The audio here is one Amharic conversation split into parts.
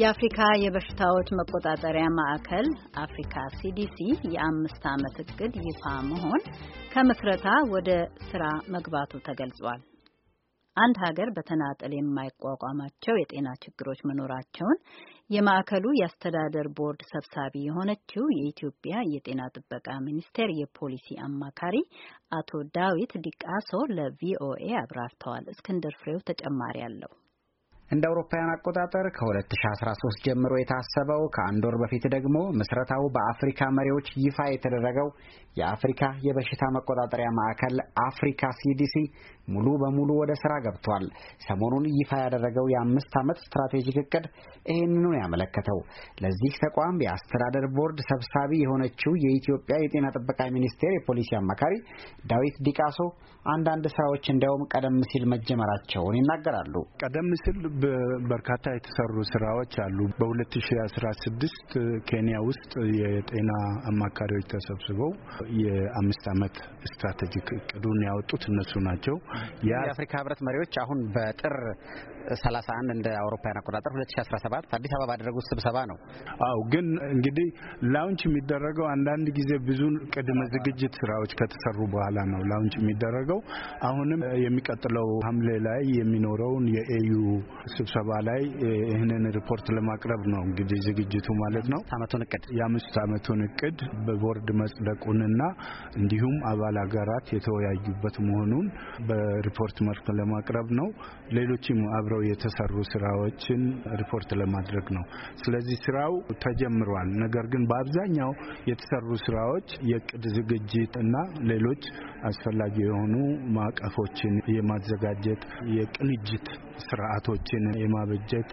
የአፍሪካ የበሽታዎች መቆጣጠሪያ ማዕከል አፍሪካ ሲዲሲ የአምስት ዓመት እቅድ ይፋ መሆን ከምስረታ ወደ ስራ መግባቱ ተገልጿል። አንድ ሀገር በተናጠል የማይቋቋማቸው የጤና ችግሮች መኖራቸውን የማዕከሉ የአስተዳደር ቦርድ ሰብሳቢ የሆነችው የኢትዮጵያ የጤና ጥበቃ ሚኒስቴር የፖሊሲ አማካሪ አቶ ዳዊት ዲቃሶ ለቪኦኤ አብራርተዋል። እስክንድር ፍሬው ተጨማሪ አለው። እንደ አውሮፓውያን አቆጣጠር ከ2013 ጀምሮ የታሰበው ከአንድ ወር በፊት ደግሞ ምስረታው በአፍሪካ መሪዎች ይፋ የተደረገው የአፍሪካ የበሽታ መቆጣጠሪያ ማዕከል አፍሪካ ሲዲሲ ሙሉ በሙሉ ወደ ስራ ገብቷል። ሰሞኑን ይፋ ያደረገው የአምስት ዓመት ስትራቴጂክ እቅድ ይህንኑ ያመለከተው። ለዚህ ተቋም የአስተዳደር ቦርድ ሰብሳቢ የሆነችው የኢትዮጵያ የጤና ጥበቃ ሚኒስቴር የፖሊሲ አማካሪ ዳዊት ዲቃሶ አንዳንድ ስራዎች እንዲያውም ቀደም ሲል መጀመራቸውን ይናገራሉ። ቀደም ሲል በርካታ የተሰሩ ስራዎች አሉ። በ2016 ኬንያ ውስጥ የጤና አማካሪዎች ተሰብስበው የአምስት ዓመት ስትራቴጂክ እቅዱን ያወጡት እነሱ ናቸው። የአፍሪካ ህብረት መሪዎች አሁን በጥር 31 እንደ አውሮፓውያን አቆጣጠር 2017 አዲስ አበባ ባደረጉት ስብሰባ ነው። አው ግን እንግዲህ ላውንች የሚደረገው አንዳንድ ጊዜ ብዙ ቅድመ ዝግጅት ስራዎች ከተሰሩ በኋላ ነው ላውንች የሚደረገው። አሁንም የሚቀጥለው ሐምሌ ላይ የሚኖረውን የኤዩ ስብሰባ ላይ ይህንን ሪፖርት ለማቅረብ ነው እንግዲህ ዝግጅቱ ማለት ነው። አመቱን እቅድ የአምስት አመቱን እቅድ በቦርድ መጽደቁንና እንዲሁም አባል ሀገራት የተወያዩበት መሆኑን በሪፖርት መልክ ለማቅረብ ነው። ሌሎችም አብረው የተሰሩ ስራዎችን ሪፖርት ለማድረግ ነው። ስለዚህ ስራው ተጀምሯል። ነገር ግን በአብዛኛው የተሰሩ ስራዎች የእቅድ ዝግጅት እና ሌሎች አስፈላጊ የሆኑ ማዕቀፎችን የማዘጋጀት የቅንጅት ስርዓቶችን የማበጀት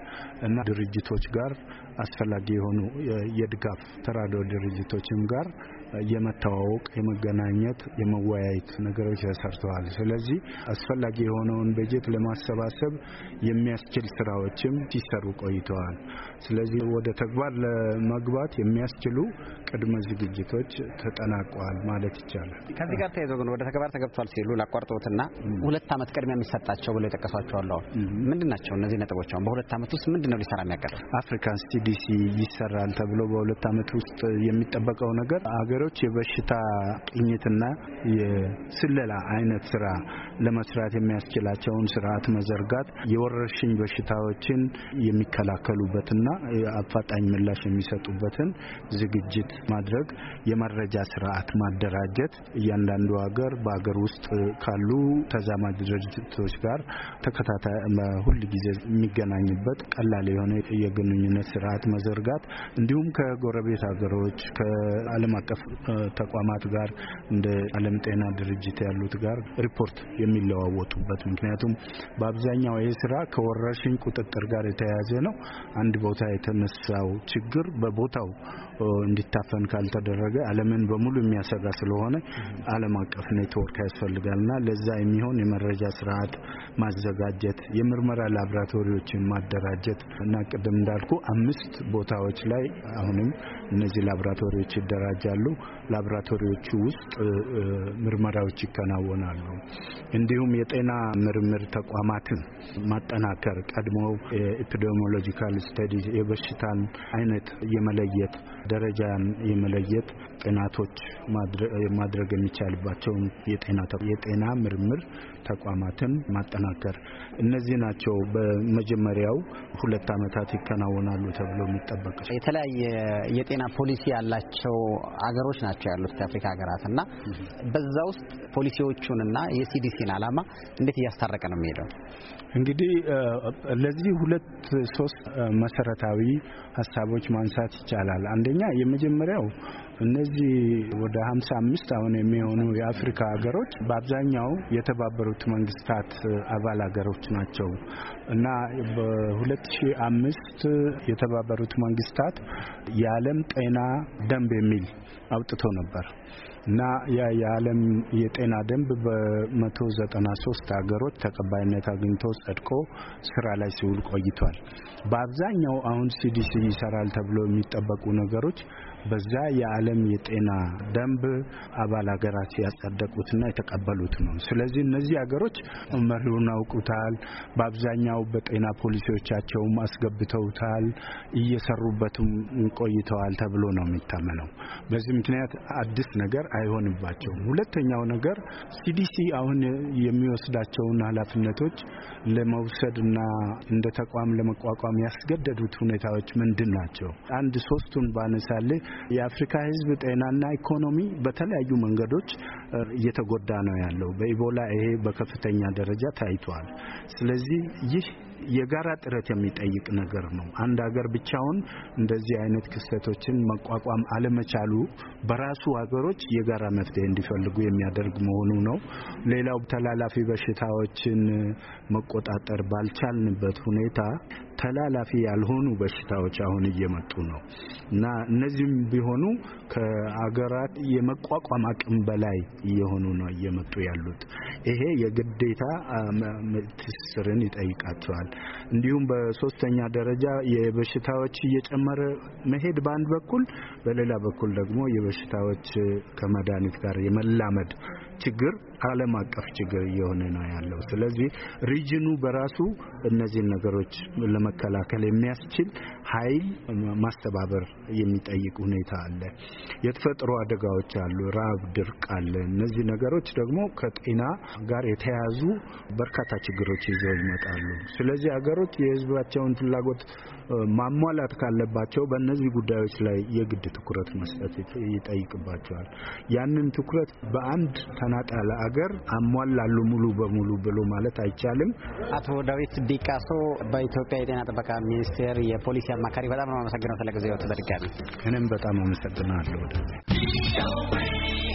እና ድርጅቶች ጋር አስፈላጊ የሆኑ የድጋፍ ተራድኦ ድርጅቶችም ጋር የመተዋወቅ፣ የመገናኘት፣ የመወያየት ነገሮች ተሰርተዋል። ስለዚህ አስፈላጊ የሆነውን በጀት ለማሰባሰብ የሚያስችል ስራዎችም ሲሰሩ ቆይተዋል። ስለዚህ ወደ ተግባር ለመግባት የሚያስችሉ ቅድመ ዝግጅቶች ተጠናቀዋል ማለት ይቻላል። ከዚህ ጋር ተያይዞ ግን ወደ ተግባር ተገብቷል ሲሉ ላቋርጦትና ሁለት ዓመት ቅድሚያ የሚሰጣቸው ብሎ የጠቀሷቸዋል። ምንድን ናቸው እነዚህ ነጥቦች? አሁን በሁለት ዓመት ውስጥ ምንድን ነው ሊሰራ የሚያቀርብ አፍሪካን ሲዲሲ ይሰራል ተብሎ በሁለት ዓመት ውስጥ የሚጠበቀው ነገር አገር ሆስፒታሎች የበሽታ ቅኝትና የስለላ አይነት ስራ ለመስራት የሚያስችላቸውን ስርዓት መዘርጋት የወረርሽኝ በሽታዎችን የሚከላከሉበትና አፋጣኝ ምላሽ የሚሰጡበትን ዝግጅት ማድረግ፣ የመረጃ ስርዓት ማደራጀት፣ እያንዳንዱ ሀገር በሀገር ውስጥ ካሉ ተዛማጅ ድርጅቶች ጋር ተከታታይ ሁል ጊዜ የሚገናኝበት ቀላል የሆነ የግንኙነት ስርዓት መዘርጋት እንዲሁም ከጎረቤት ሀገሮች ከዓለም አቀፍ ተቋማት ጋር እንደ ዓለም ጤና ድርጅት ያሉት ጋር ሪፖርት የሚለዋወጡበት ምክንያቱም በአብዛኛው ይህ ስራ ከወረርሽኝ ቁጥጥር ጋር የተያያዘ ነው። አንድ ቦታ የተነሳው ችግር በቦታው እንዲታፈን ካልተደረገ ዓለምን በሙሉ የሚያሰጋ ስለሆነ ዓለም አቀፍ ኔትወርክ ያስፈልጋልና ለዛ የሚሆን የመረጃ ስርዓት ማዘጋጀት፣ የምርመራ ላብራቶሪዎችን ማደራጀት እና ቅድም እንዳልኩ አምስት ቦታዎች ላይ አሁንም እነዚህ ላብራቶሪዎች ይደራጃሉ። ላብራቶሪዎቹ ውስጥ ምርመራዎች ይከናወናሉ። እንዲሁም የጤና ምርምር ተቋማትን ማጠናከር ቀድሞ ኤፒዲሚዮሎጂካል ስተዲ የበሽታን አይነት የመለየት ደረጃ የመለየት ጥናቶች ማድረግ የሚቻልባቸውን የጤና ምርምር ተቋማትን ማጠናከር እነዚህ ናቸው። በመጀመሪያው ሁለት ዓመታት ይከናወናሉ ተብሎ የሚጠበቅ የተለያየ የጤና ፖሊሲ ያላቸው አገሮች ናቸው ያሉት የአፍሪካ ሀገራት እና በዛ ውስጥ ፖሊሲዎቹንና የሲዲሲን ዓላማ እንዴት እያስታረቀ ነው የሚሄደው? እንግዲህ ለዚህ ሁለት ሶስት መሰረታዊ ሀሳቦች ማንሳት ይቻላል። አንደ አንደኛ የመጀመሪያው እነዚህ ወደ 5 አምስት አሁን የሚሆኑ የአፍሪካ ሀገሮች በአብዛኛው የተባበሩት መንግስታት አባል ሀገሮች ናቸው እና በ ሺ አምስት የተባበሩት መንግስታት የዓለም ጤና ደንብ የሚል አውጥቶ ነበር። እና የዓለም የጤና ደንብ በ193 ሀገሮች ተቀባይነት አግኝቶ ጸድቆ ስራ ላይ ሲውል ቆይቷል። በአብዛኛው አሁን ሲዲሲ ይሰራል ተብሎ የሚጠበቁ ነገሮች በዛ የዓለም የጤና ደንብ አባል ሀገራት ያጸደቁትና የተቀበሉት ነው። ስለዚህ እነዚህ ሀገሮች መሪውን አውቁታል። በአብዛኛው በጤና ፖሊሲዎቻቸውም አስገብተውታል፣ እየሰሩበትም ቆይተዋል ተብሎ ነው የሚታመነው። በዚህ ምክንያት አዲስ ነገር አይሆንባቸውም። ሁለተኛው ነገር ሲዲሲ አሁን የሚወስዳቸውን ኃላፊነቶች ለመውሰድና እንደ ተቋም ለመቋቋም ያስገደዱት ሁኔታዎች ምንድን ናቸው? አንድ ሶስቱን ባነሳሌ የአፍሪካ ህዝብ ጤናና ኢኮኖሚ በተለያዩ መንገዶች እየተጎዳ ነው ያለው። በኢቦላ ይሄ በከፍተኛ ደረጃ ታይቷል። ስለዚህ ይህ የጋራ ጥረት የሚጠይቅ ነገር ነው። አንድ ሀገር ብቻውን እንደዚህ አይነት ክስተቶችን መቋቋም አለመቻሉ በራሱ ሀገሮች የጋራ መፍትሄ እንዲፈልጉ የሚያደርግ መሆኑ ነው። ሌላው ተላላፊ በሽታዎችን መቆጣጠር ባልቻልንበት ሁኔታ ተላላፊ ያልሆኑ በሽታዎች አሁን እየመጡ ነው እና እነዚህም ቢሆኑ ከአገራት የመቋቋም አቅም በላይ እየሆኑ ነው እየመጡ ያሉት። ይሄ የግዴታ ትስስርን ይጠይቃቸዋል። እንዲሁም በሶስተኛ ደረጃ የበሽታዎች እየጨመረ መሄድ በአንድ በኩል፣ በሌላ በኩል ደግሞ የበሽታዎች ከመድኃኒት ጋር የመላመድ ችግር ዓለም አቀፍ ችግር እየሆነ ነው ያለው። ስለዚህ ሪጅኑ በራሱ እነዚህን ነገሮች ለመከላከል የሚያስችል ኃይል ማስተባበር የሚጠይቅ ሁኔታ አለ። የተፈጥሮ አደጋዎች አሉ፣ ራብ ድርቅ አለ። እነዚህ ነገሮች ደግሞ ከጤና ጋር የተያያዙ በርካታ ችግሮች ይዘው ይመጣሉ። ስለዚህ ሀገሮች የህዝባቸውን ፍላጎት ማሟላት ካለባቸው በእነዚህ ጉዳዮች ላይ የግድ ትኩረት መስጠት ይጠይቅባቸዋል። ያንን ትኩረት በአንድ ተናጣ አገር አሟላሉ ሙሉ በሙሉ ብሎ ማለት አይቻልም። አቶ ዳዊት ዲቃሶ በኢትዮጵያ የጤና ጥበቃ ሚኒስቴር የፖሊሲ አማካሪ፣ በጣም ነው አመሰግነው ስለ ጊዜው። እኔም በጣም አመሰግናለሁ።